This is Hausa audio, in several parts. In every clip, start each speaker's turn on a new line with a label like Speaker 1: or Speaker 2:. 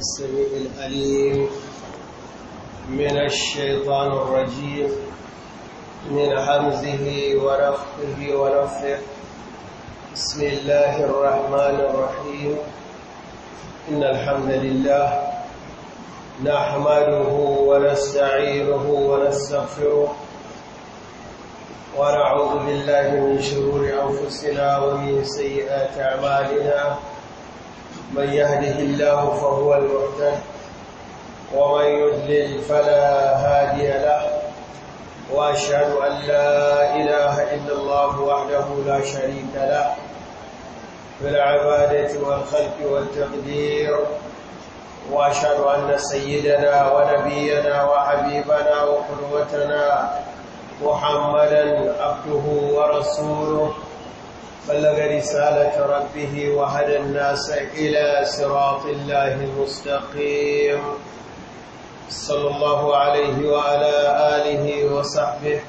Speaker 1: السميع الأليم من الشيطان الرجيم من همزه ورفقه ونفقه بسم الله الرحمن الرحيم إن الحمد لله نحمده ونستعينه ونستغفره ونعوذ بالله من شرور أنفسنا ومن سيئات أعمالنا من يهده الله فهو المهتد ومن يضلل فلا هادي له واشهد ان لا اله الا الله وحده لا شريك له في العباده والخلق والتقدير واشهد ان سيدنا ونبينا وحبيبنا وقدوتنا محمدا عبده ورسوله بلغ رسالة ربه وهدى الناس إلى صراط الله المستقيم صلى الله عليه وعلى آله وصحبه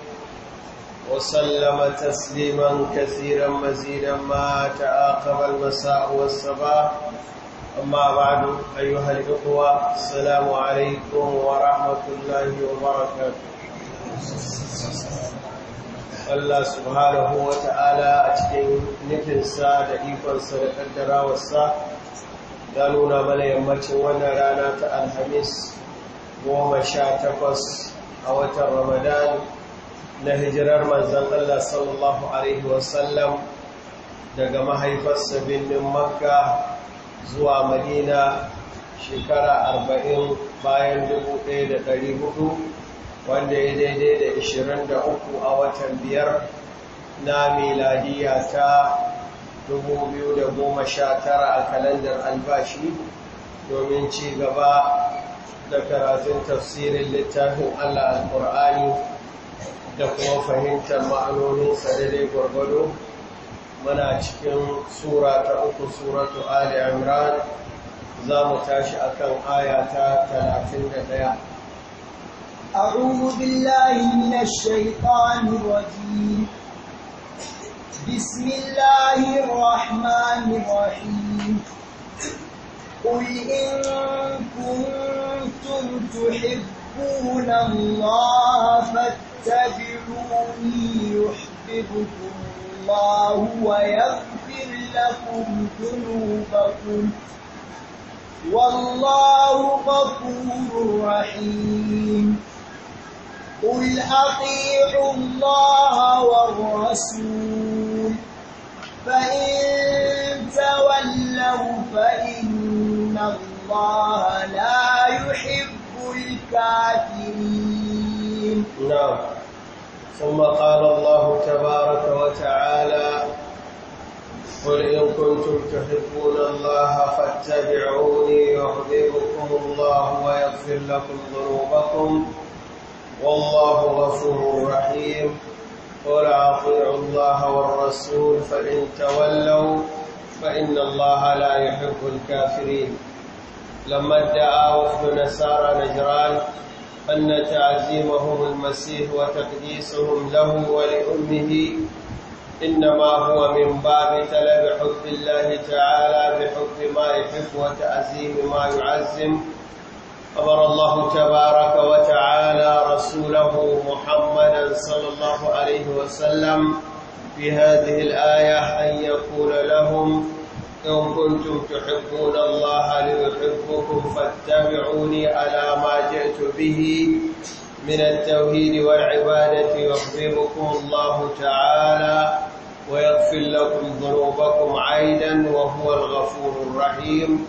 Speaker 1: وسلم تسليما كثيرا مزيدا ما تعاقب المساء والصباح أما بعد أيها الإخوة السلام عليكم ورحمة الله وبركاته Allah subhanahu wa ta'ala a cikin nufinsa da ikonsa da ƙaddarawarsa ya nuna mana yammacin wannan rana ta alhamis goma sha takwas a watan ramadan na hijirar manzan Allah sallallahu Alaihi wasallam daga mahaifarsa birnin makka zuwa madina shekara arba'in bayan dubu ɗaya da ɗari hudu wanda ya daidai da 23 a watan biyar na miladiya ta 2019 a kalandar albashi domin ci gaba da karatun tafsirin littafin Allah al-Qur'ani da kuma fahimtar ma'anoninsa daidai gwargwado muna cikin sura ta uku suratu Ali Imran za mu tashi akan aya ta 31 أعوذ بالله من الشيطان الرجيم بسم الله الرحمن الرحيم قل إن كنتم تحبون الله فاتبعوني يحببكم الله ويغفر لكم ذنوبكم والله غفور رحيم قل أطيعوا الله والرسول فإن تولوا فإن الله لا يحب الكافرين نعم ثم قال الله تبارك وتعالى قل إن كنتم تحبون الله فاتبعوني يحببكم الله ويغفر لكم ذنوبكم والله غفور رحيم قل اطيعوا الله والرسول فان تولوا فان الله لا يحب الكافرين لما ادعى وفد نسارى نجران ان تعزيمهم المسيح وتقديسهم له ولامه انما هو من باب طلب حب الله تعالى بحب ما يحب وتعزيم ما يعزم امر الله تبارك وتعالى رسوله محمدا صلى الله عليه وسلم في هذه الآية أن يقول لهم إن كنتم تحبون الله ليحبكم فاتبعوني على ما جئت به من التوحيد والعبادة يحببكم الله تعالى ويغفر لكم ذنوبكم عيدا وهو الغفور الرحيم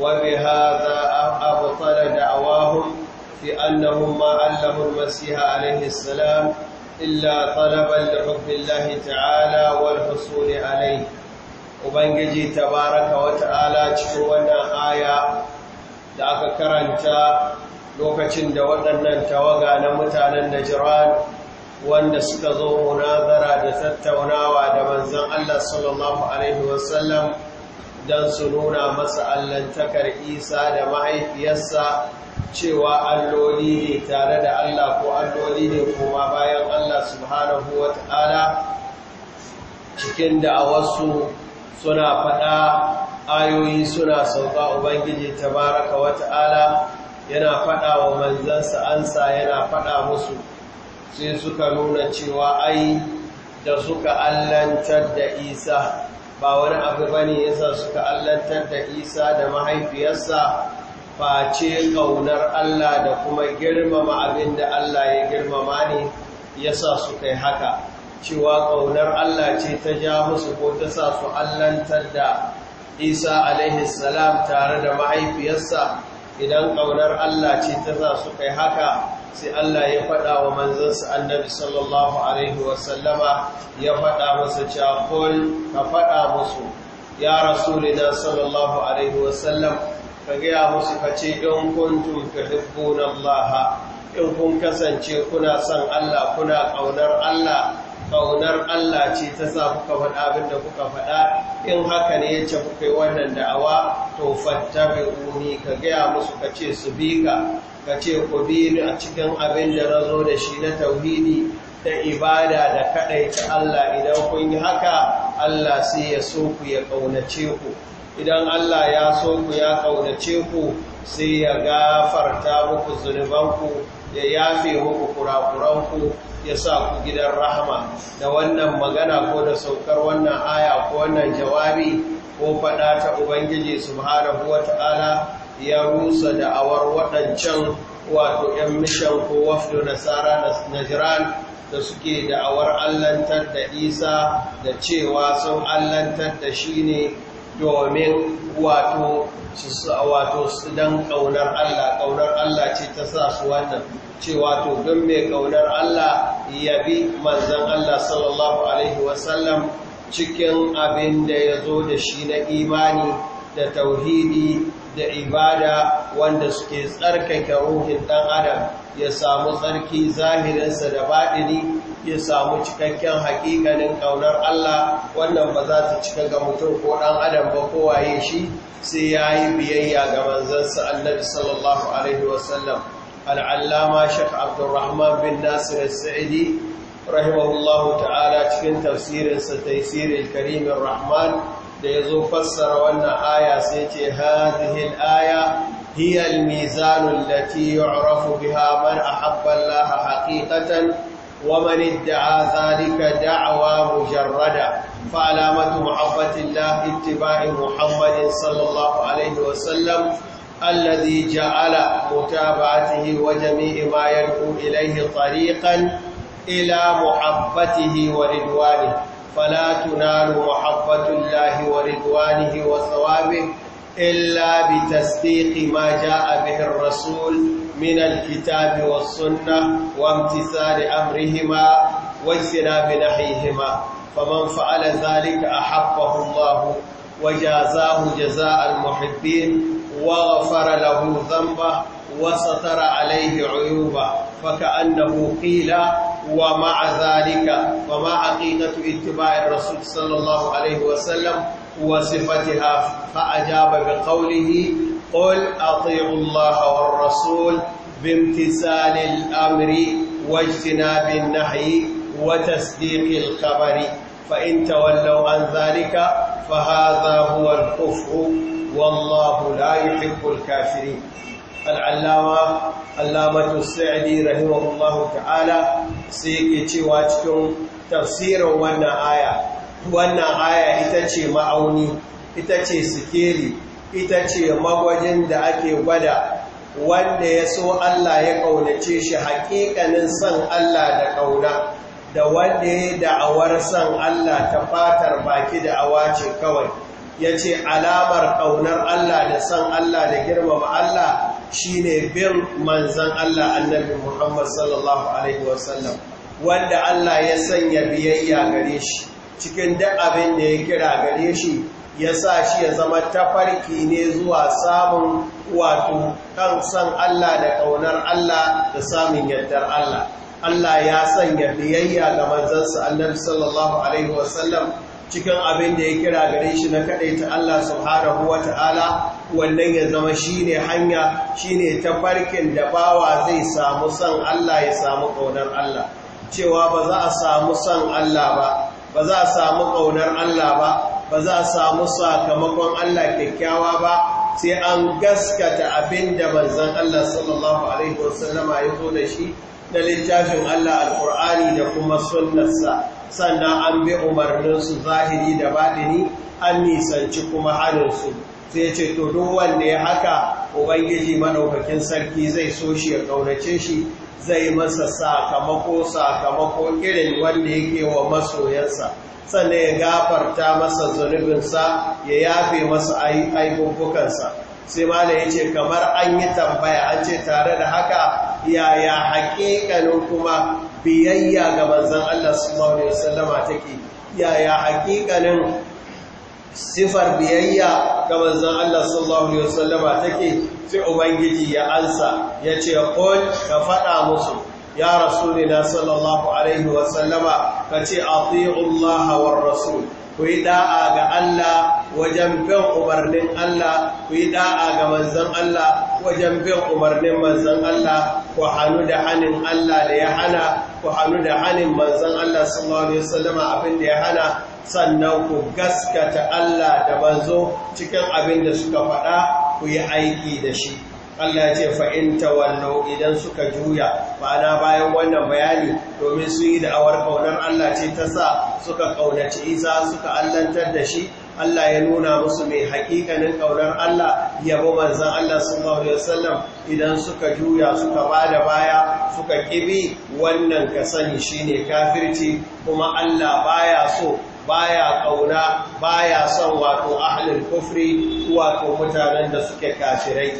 Speaker 1: وبهذا أبطل دعواهم في أنه ما علموا المسيح عليه السلام إلا طلبا لحب الله تعالى والحصول عليه Ubangiji tabaraka baraka wataala cikin wannan aya da aka karanta lokacin da waɗannan tawaga na mutanen jiran, wanda suka zo munazara da tattaunawa da manzon Allah sallallahu alaihi wasallam don su nuna masa Isa da mahaifiyarsa cewa alloli ne tare da Allah ko alloli ne kuma bayan Allah subhanahu wa ta'ala cikin da a wasu suna faɗa ayoyi suna sauka Ubangiji tabaraka wa ta'ala yana faɗa wa manzansa ansa yana faɗa musu sai suka nuna cewa ai da suka allantar da isa ba wani abu bane yasa suka allantar da isa da mahaifiyarsa face ƙaunar Allah da kuma girmama abin da Allah ya girmama ne ya sa su kai haka cewa ƙaunar Allah ce ta ja musu ko ta sa su allantar da isa alaihissalam tare da mahaifiyarsa idan ƙaunar Allah ce ta sa su kai haka sai Allah ya faɗa wa manzansa annabi sallallahu alaihi wasallama ya faɗa masa cakul ka faɗa musu ya rasulina sallallahu alaihi wasallam ka gaya musu ka ce in kuntum tuhibbuna Allah in kun kasance kuna son Allah kuna kaunar Allah kaunar Allah ce ta sa kuka faɗa abin da kuka faɗa in haka ne yace kuka yi wannan da'awa to fattabi'uni ka gaya musu ka ce su bi ka ka ce ku bi ni a cikin abin da na zo da shi na tauhidi da ibada da kadaita Allah idan kun yi haka Allah sai ya so ku ya kaunace ku idan Allah ya so ku ya ƙaunace ku sai ya gafarta muku zunubanku ya yafe muku kurakuranku ya sa ku gidan rahama da wannan magana ko da saukar wannan aya ko wannan jawabi ko faɗa ta Ubangiji subhanahu wata'ala ya rusa da awar waɗancan wato ‘yan mishan ko wafdo nasara na jiran da suke da'awar allantar da isa da cewa sun allantar da shi ne domin wato wato dan kaunar Allah kaunar Allah ce ta sa su wannan ce wato don mai kaunar Allah ya bi manzan Allah sallallahu alaihi wasallam cikin abin da ya zo da shi na imani da tauhidi da ibada wanda suke tsarkake ruhin ɗan adam ya samu tsarki zahirinsa da baɗini ya samu cikakken haƙiƙanin ƙaunar Allah wannan ba za ta cika ga mutum ko ɗan adam ba kowaye shi sai ya yi biyayya ga manzansa annabi sallallahu alaihi wasallam al'allama shek abdurrahman bin nasir sa'idi rahimahullahu ta'ala cikin tafsirinsa taisirin karimin rahman da ya zo fassara wannan aya sai ce hadihin aya هي الميزان التي يعرف بها من أحب الله حقيقة ومن ادعى ذلك دعوى مجردة فعلامة محبة الله اتباع محمد صلى الله عليه وسلم الذي جعل متابعته وجميع ما يدعو إليه طريقا إلى محبته ورضوانه فلا تنال محبة الله ورضوانه وثوابه إلا بتصديق ما جاء به الرسول من الكتاب والسنة وامتثال أمرهما واجتناب نحيهما فمن فعل ذلك أحبه الله وجازاه جزاء المحبين وغفر له ذنبه وستر عليه عيوبه فكأنه قيل ومع ذلك فما عقيدة اتباع الرسول صلى الله عليه وسلم وصفتها فأجاب بقوله قل أطيعوا الله والرسول بامتثال الأمر واجتناب النهي وتصديق الخبر فإن تولوا عن ذلك فهذا هو الكفر والله لا يحب الكافرين al'allawa allamatu sa'adi rahimahullahu ta'ala sai yake cewa cikin tafsirin wannan aya wannan aya ita ce ma'auni ita ce sikeli ita ce magwajin da ake gwada wanda ya so Allah ya ƙaunace shi haƙiƙanin son Allah da ƙauna da wanda ya da'awar son Allah ta fatar baki da'awa ce kawai ya ce alamar ƙaunar Allah da son Allah da girmama Allah Shi ne bin manzan Allah annabi Muhammad sallallahu alaihi wasallam wanda Allah ya sanya biyayya gare shi cikin duk abin da ya kira gare shi ya sa shi ya zama tafarki ne zuwa samun wato kan san Allah da ƙaunar Allah da samun yardar Allah Allah ya sanya biyayya ga manzansa annabi sallallahu alaihi wasallam cikin abin da ya kira gare shi na ta Allah subhanahu ta'ala wannan ya zama shine hanya shine farkin da bawa zai samu san Allah ya samu kaunar Allah cewa ba za a samu san Allah ba ba za a samu ƙaunar Allah ba ba za a samu sakamakon Allah kyakkyawa ba sai an gaskata abin da manzon Allah sallallahu alaihi wasallama ya zo da shi da littafin Allah alqur'ani da kuma sunnarsa sannan an bi umarninsu zahiri da baɗini an nisanci kuma halinsu sai ce to duk wanda ya haka ubangiji maɗaukakin sarki zai so shi ya ƙaunace shi zai masa sakamako sakamako irin wanda yake wa masoyansa sannan ya gafarta masa zunubinsa ya yafe masa aibubbukansa sai mala ya ce kamar an yi tambaya an ce tare da haka yaya haƙiƙanin kuma biyayya ga manzan Allah sallallahu alaihi wasallama take yaya hakikanin sifar biyayya ga manzan Allah sallallahu alaihi wasallama take sai ubangiji ya ansa ya ce qul ka fada musu ya rasulina sallallahu alaihi wasallama kace ati'u Allah war rasul ku yi da'a ga Allah wajen bin umarnin Allah ku yi da'a ga manzan Allah wajen bin umarnin manzan Allah ku hannu da hannun Allah da ya hana ku hannu da hannun manzan Allah sallallahu alaihi wasallama abin da ya hana sannan ku gaskata Allah da manzo cikin abin da suka faɗa ku yi aiki da shi Allah ya ce fa'in tawallau idan suka juya ma'ana bayan wannan bayani domin su yi da'awar ƙaunar Allah ce ta sa suka ƙaunaci isa suka allantar da shi Allah ya nuna musu mai haƙiƙanin ƙaunar Allah yabo manzan Allah sallallahu Alaihi wasallam idan suka juya suka ba da baya suka ƙibi wannan ka sani shi ne kafirci kuma Allah baya so baya ƙauna baya son wato ahalin kufri wato mutanen da suke kafirai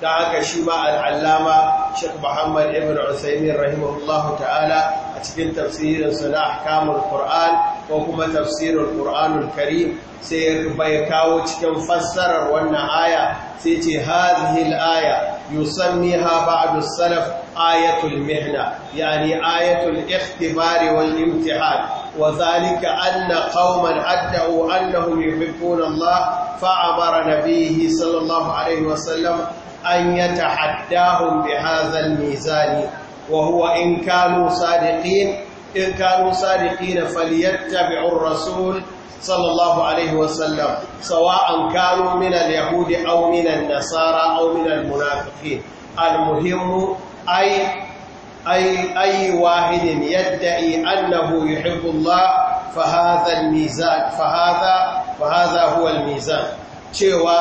Speaker 1: da haka shi ma al'allama Sheikh Muhammad Ibn Usaimin rahimahullahu ta'ala a cikin tafsirinsa na ahkamul Qur'an ko kuma tafsirin Qur'anul Karim sai bai kawo cikin fassarar wannan aya sai ce hadhihi al-aya yusammiha ba'du salaf ayatul mihna yani ayatul ikhtibari wal imtihan وذلك أن قوما أدعوا أنهم يحبون الله فعبر نبيه صلى الله عليه وسلم an yatahaddahum bihadha al-mizan wa huwa in kanu sadiqin in kanu sadiqin falyattabi'u ar-rasul sallallahu alaihi wa wasallam sawa'an kanu min al-yahudi aw min an-nasara aw min al-munafiqin al muhimu ay أي أي واحد يدعي أنه يحب الله فهذا الميزان فهذا فهذا هو الميزان cewa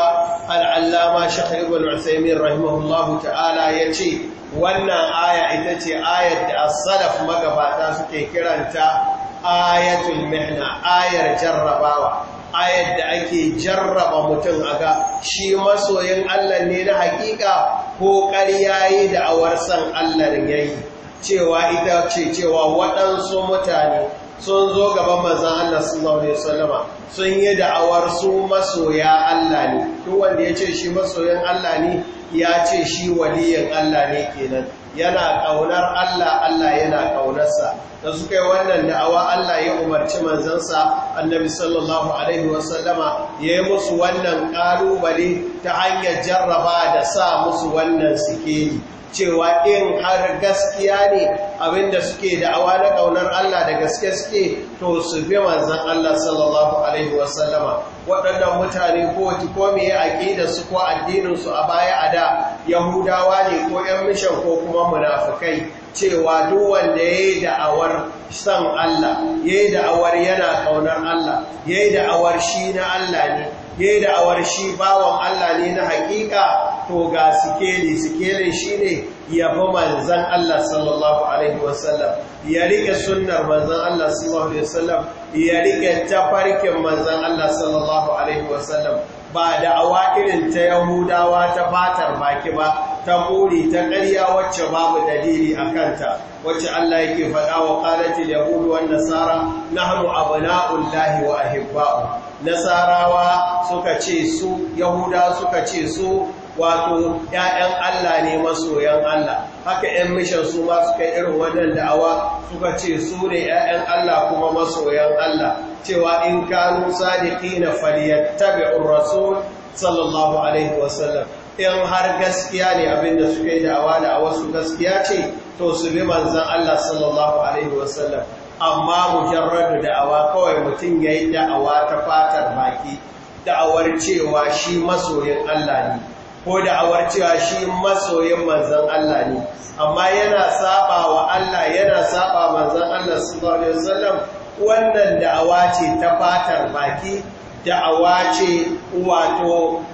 Speaker 1: al'allama shakar ibn usaimin rahimahullahu ta'ala ya ce wannan aya ita ce ayar da asalaf magabata suke kiranta ayatul mihna ayar jarrabawa ayar da ake jarraba mutum a ga shi masoyin allah ne na hakika ko yi da awar san allah yayi cewa ita ce cewa waɗansu mutane sun zo gaban manzan Allah sallallahu alaihi wasallama sun yi da'awar su masoya Allah ne duk wanda ya ce shi masoyan Allah ne ya ce shi waliyin Allah ne kenan yana ƙaunar Allah Allah yana ƙaunarsa. da suka yi wannan da'awa Allah ya umarci manzansa annabi sallallahu alaihi wasallama ya yi musu wannan ƙalubale ta hanyar jarraba da sa musu wannan sikeli cewa ɗin har gaskiya ne abinda suke da'awa na ƙaunar Allah da gaske suke to su bi manzan Allah sallallahu alaihi wasallama waɗannan mutane ko wata ya ake da su ko addininsu a baya a da yahudawa ne ko 'yan mishan ko kuma munafukai cewa duk wanda yayi da'awar san Allah ya yayi da'awar yana ƙaunar Allah ya yayi da'awar shi na Allah ne ye da awar shi bawan Allah ne na hakika to ga sikeli sikelin shi ne yabo manzan Allah sallallahu Alaihi wasallam ya rike sunnar manzan Allah sallallahu Alaihi wasallam ya rike tafarkin manzan Allah sallallahu Alaihi wasallam ba da awa irin ta yahudawa ta fatar baki ba ta buri ta ƙarya wacce babu dalili a kanta wacce Allah yake faɗa wa qalatil yahud nasara nahnu abna'ul lahi wa ahibba'u nasarawa suka ce su yahuda suka ce su wato ‘ya'yan Allah ne masoyan Allah, haka ‘yan mishan su ma suka irin wannan da'awa suka ce su ne ‘ya'yan Allah kuma masoyan Allah, cewa in kanu sadiki na rasul sallallahu Alaihi wasallam. in har gaskiya ne abinda suka yi da'awa da a wasu gaskiya ce to su bi manzan Allah sallallahu alaihi wasallam amma mujarradu da'awa kawai mutum ya yi da'awa ta fatar baki da'awar cewa shi masoyin Allah ne ko da'awar cewa shi masoyin manzan Allah ne amma yana saba wa Allah yana saba manzan Allah sallallahu alaihi wasallam wannan da'awa ce ta fatar baki da'awa ce wato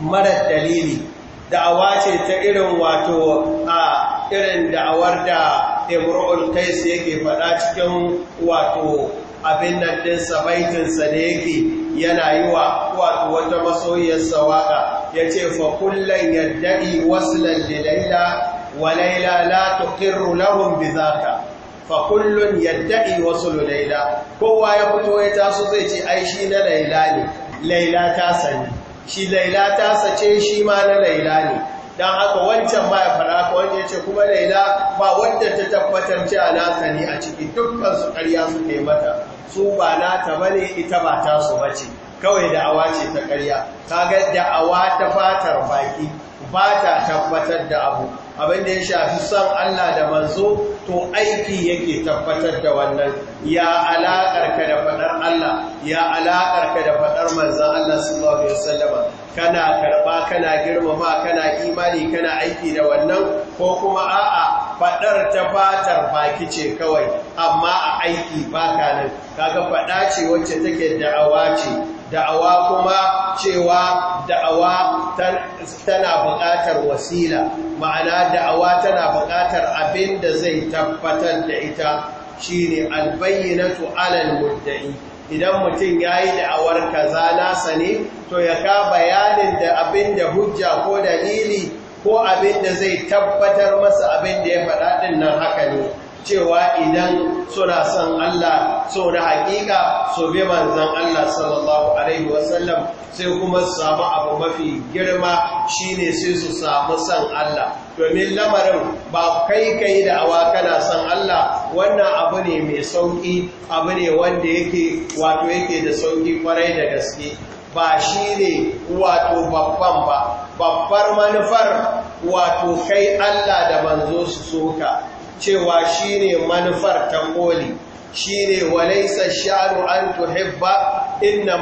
Speaker 1: mara dalili da'awa ce ta irin wato a irin da'awar da imrul qais yake faɗa cikin wato abin nan din sabaitinsa da yake yana yi wa wato wata masoyiyarsa waka ya ce fa kullum yadda'i wasu da laila wa laila la tuqirru lahum bizaka. fa kullun yadda'i wasu laila kowa ya fito ya taso zai ce ai shi na laila ne laila ta sani shi laila ta sace shi ma na laila ne don haka wancan ba ya fara ka wanda ya ce kuma laila ba wadda ta tabbatar ce a nata ne a ciki dukkan su karya su ne mata su ba nata bane ita ba ta su bace kawai da'awa ce ta ƙarya kaga da'awa ta fatar baki ba ta tabbatar da abu abin da ya shafi son Allah da manzo to aiki yake tabbatar da wannan ya alaƙarka da faɗar Allah ya alaƙarka da faɗar manzo Allah sallallahu alaihi wasallama kana karɓa kana girmama kana imani kana aiki da wannan ko kuma a'a faɗar ta fatar baki ce kawai amma a aiki ba ka nan kaga faɗa ce wacce take da'awa ce da'awa kuma cewa da'awa tana buƙatar wasila ma'ana da'awa tana buƙatar abin da zai tabbatar da ita shi shine albayyinatu alal mudda'i idan mutum ya yi da'awar kaza nasa ne to ya ka bayanin da abin da hujja ko dalili ko abin da zai tabbatar masa abin da ya faɗaɗin nan haka ne cewa idan suna son Allah so da hakika so bi manzan Allah sallallahu alaihi wasallam sai kuma su samu abu mafi girma shi ne sai su samu son Allah domin lamarin ba kai kai da awa kana son Allah wannan abu ne mai sauƙi, abu ne wanda yake wato yake da sauƙi kwarai da gaske ba shi ne wato babban ba babbar manufar wato kai Allah da manzo su soka cewa shi ne manufar tamboli shine walaysa sha'anu an tuhibba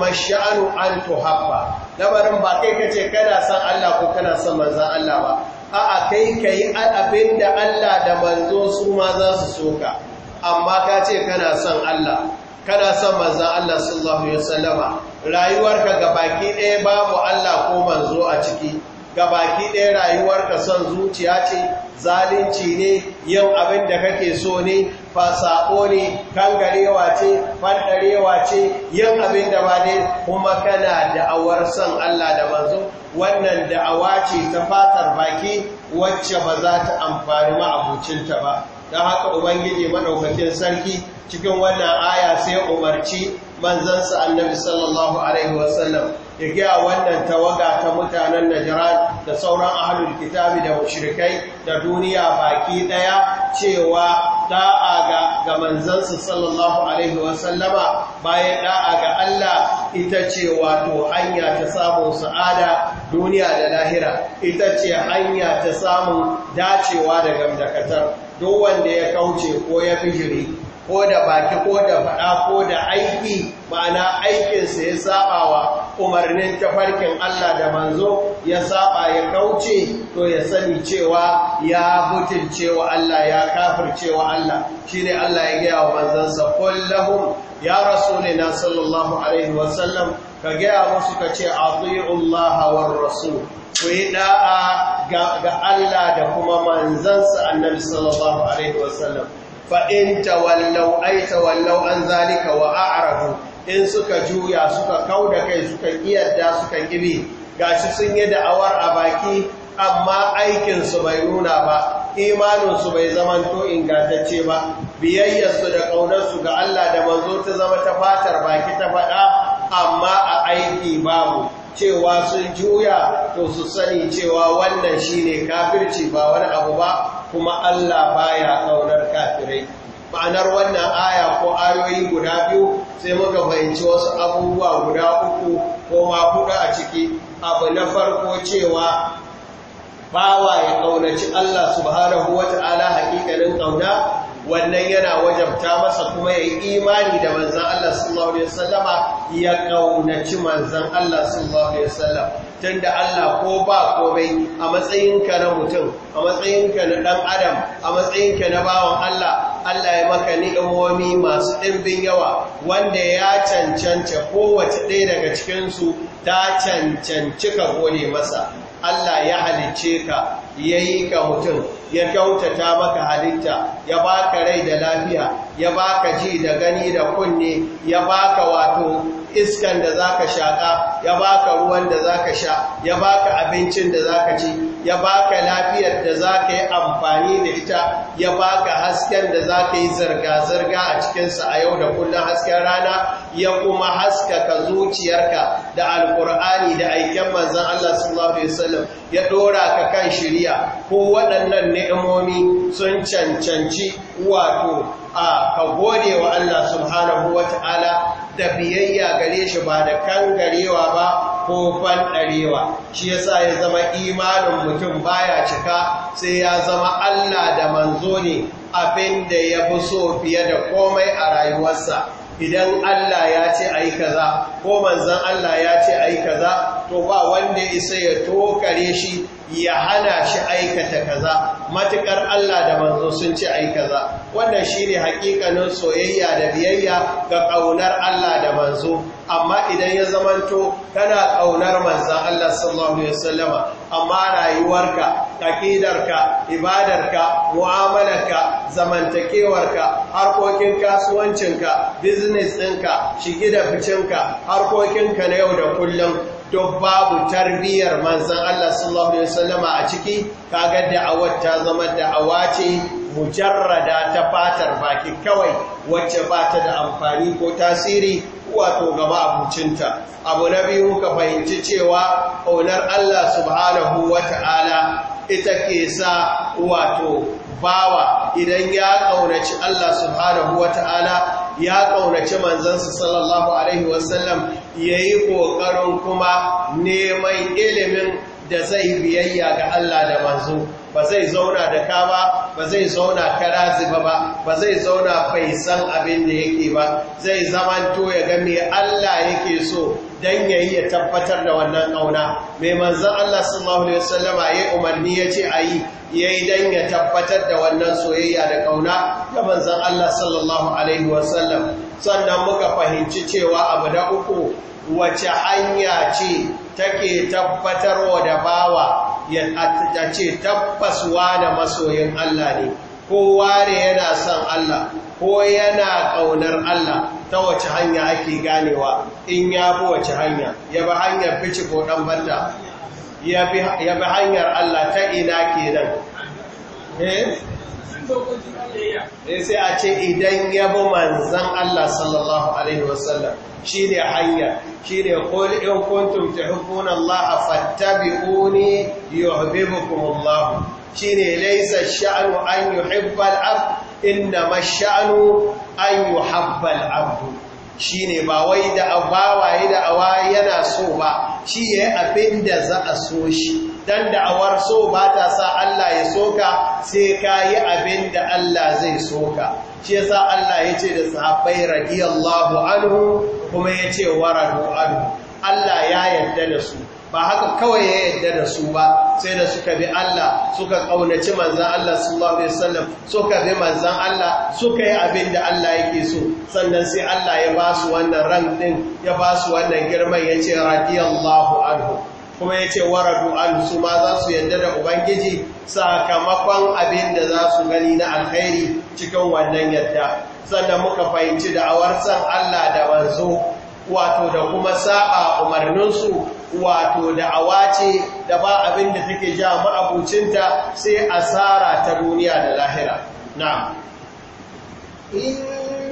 Speaker 1: ma sha'anu an tuhabba labarin ba kai kace kana son Allah ko kana son manzon Allah ba a'a kai kai abinda Allah da manzo su ma za su soka amma ka ce kana son Allah kana son manzon Allah sallallahu alaihi wasallama rayuwarka ga baki ɗaya babu Allah ko manzo a ciki ga baki ɗaya rayuwarka son zuciya ce zalunci ne yin abin da kake so ne fasaɓo ne kangarewa ce fanɗarewa ce yin abin da ba ne kuma kana da'awar son Allah da manzo wannan da'awa ce ta fatar baki wacce ba za ta amfani ma'abucinta ba don haka ubangiji maɗaukakin sarki cikin wannan aya sai umarci manzansa annabi sallallahu alaihi wasallam ya gaya wannan tawaga ta mutanen Najeriya da sauran ahlul kitabi da mushrikai da duniya baki daya cewa da'a ga ga manzansa sallallahu alaihi wasallama bayan da'a ga Allah ita ce wato hanya ta samun sa'ada duniya da lahira ita ce hanya ta samun dacewa daga gamdakatar duk wanda ya kauce ko ya bijiri ko da baki ko da faɗa ko da aiki ma'ana aikinsa ya saba wa umarnin tafarkin Allah da manzo ya saba ya kauce to ya sani cewa ya butulce wa Allah ya kafirce wa Allah Shi ne Allah ya gaya wa manzansa kullahum ya rasulina sallallahu alaihi wasallam ka gaya musu ka ce Allah wa rasul ku yi da'a ga Allah da kuma manzansa annabi sallallahu alaihi wasallam fa in tawallaw ay an zalika wa a'rafu in suka juya suka kau da kai suka kiyarda suka Ga gashi sun yi da'awar a baki amma aikinsu bai nuna ba imanin su bai zamanto ingantacce ba biyayyarsu da ƙaunarsu ga Allah da manzo ta zama ta fatar baki ta faɗa amma a aiki babu cewa sun juya to su sani cewa wannan shi shine kafirci ba wani abu ba kuma Allah baya kaunar kafirai ma'anar wannan aya ko ayoyi guda biyu sai muka fahimci wasu abubuwa guda uku ko ma hudu a ciki abu na farko cewa bawa ya kaunaci Allah subhanahu wata'ala hakikalin kauna wannan yana wajabta masa kuma ya yi imani da manzan Allah sallallahu Alaihi wasallama ya ƙaunaci manzan Allah sallallahu Alaihi wasallam tun da Allah ko ba komai a matsayinka na mutum a matsayinka na ɗan adam a matsayinka na bawan Allah Allah ya maka ni'imomi masu ɗimbin yawa wanda ya cancanta kowace ɗaya daga cikinsu ta cancanci ka gode masa Allah ya halicce ka ya yi ka mutum ya kyautata maka halitta ya baka rai da lafiya ya baka ji da gani da kunne ya baka wato iskan da zaka shaka ya baka ruwan da zaka sha ya baka abincin da zaka ci ya baka lafiyar da zaka yi amfani da ita ya baka hasken da zaka yi zarga zarga a cikin sa a yau da kullun hasken rana ya kuma haskaka zuciyarka da alkur'ani da aikin manzon Allah sallallahu alaihi wasallam ya dora ka kan shiriya ko waɗannan ni'imomi sun cancanci wato a ka gode wa Allah subhanahu wata'ala da biyayya gare shi ba da kangarewa ba ko fan ɗarewa shi yasa ya zama imanin mutum baya cika sai ya zama Allah da manzo ne abinda da ya fi so fiye da komai a rayuwarsa idan Allah ya ce ai kaza ko manzon Allah ya ce ai kaza to ba wanda isa ya tokare shi ya hana shi aikata kaza matukar Allah da manzo sun ci aikaza wannan shine hakikanin soyayya da biyayya ga kaunar Allah da manzo amma idan ya zamanto kana kaunar manzo Allah sallallahu alaihi wasallama amma rayuwarka aqidarka ibadarka mu'amalarka zamantakewarka harkokin kasuwancinka business ɗinka shige da ficinka harkokinka na yau da kullum duk babu tarbiyar manzan Allah sallallahu Alaihi wasallama a ciki kaga da'awar ta zama da'awa ce mujarrada ta fatar baki kawai wacce ba ta da amfani ko tasiri wato gaba abincinta abu na biyu ka fahimci cewa ƙaunar Allah subhanahu wa ita ke sa wato bawa idan ya ƙaunaci Allah subhanahu wa ta'ala ya ƙaunaci manzansa sallallahu alaihi wasallam ya yi ƙoƙarin kuma neman ilimin da zai biyayya ga Allah da manzo ba zai zauna da ka ba ba zai zauna karazi ba ba ba zai zauna bai san abin da yake ba zai to ya ga me Allah yake so dan yayi ya tabbatar da wannan kauna mai manzo Allah sallallahu alaihi wasallama ya umarni yace ayi yayi dan ya tabbatar da wannan soyayya da kauna ga manzo Allah sallallahu alaihi wasallam sannan muka fahimci cewa abu da uku wace hanya ce take tabbatarwa da bawa ya ce tabbaswa da masoyin Allah ne kowa ne yana son Allah ko yana ƙaunar Allah ta wace hanya ake ganewa in ya bi wace hanya ya bi hanyar fici ko ɗan banda ya bi hanyar Allah ta ina kenan eh, eh sai a ce idan ya bi manzan Allah sallallahu alaihi wasallam shi ne hanyar shi ne ƙul'in kuntum ta hukunan Allah a fattabi uni yi kuma Allah shi ne laisa sha'anu an yi hibbal ab inda masha'anu an yi habbal abdu shi ne ba wai da abawaye da awa yana so ba shi ya yi abin da za a so shi dan da'awar so ba ta sa Allah ya soka sai ka yi abin da Allah zai soka shi yasa Allah ya ce da sahabbai radiyallahu anhu kuma ya ce waradu anhu Allah ya yarda da su ba haka kawai ya yarda da su ba sai da suka bi Allah suka kaunaci manzan Allah sallallahu alaihi wasallam suka bi manzan Allah suka yi abin da Allah yake so sannan sai Allah ya ba su wannan ran din ya ba su wannan girman ya yace radiyallahu anhu kuma ya ce waradu an su ma za su yadda da ubangiji sakamakon abin da za su gani na alkhairi cikin wannan yadda sannan muka fahimci da'awar san Allah da wanzu wato da kuma sa'a umarninsu wato da awace da ba abin da take ja ma'abucinta sai asara ta duniya da lahira na'am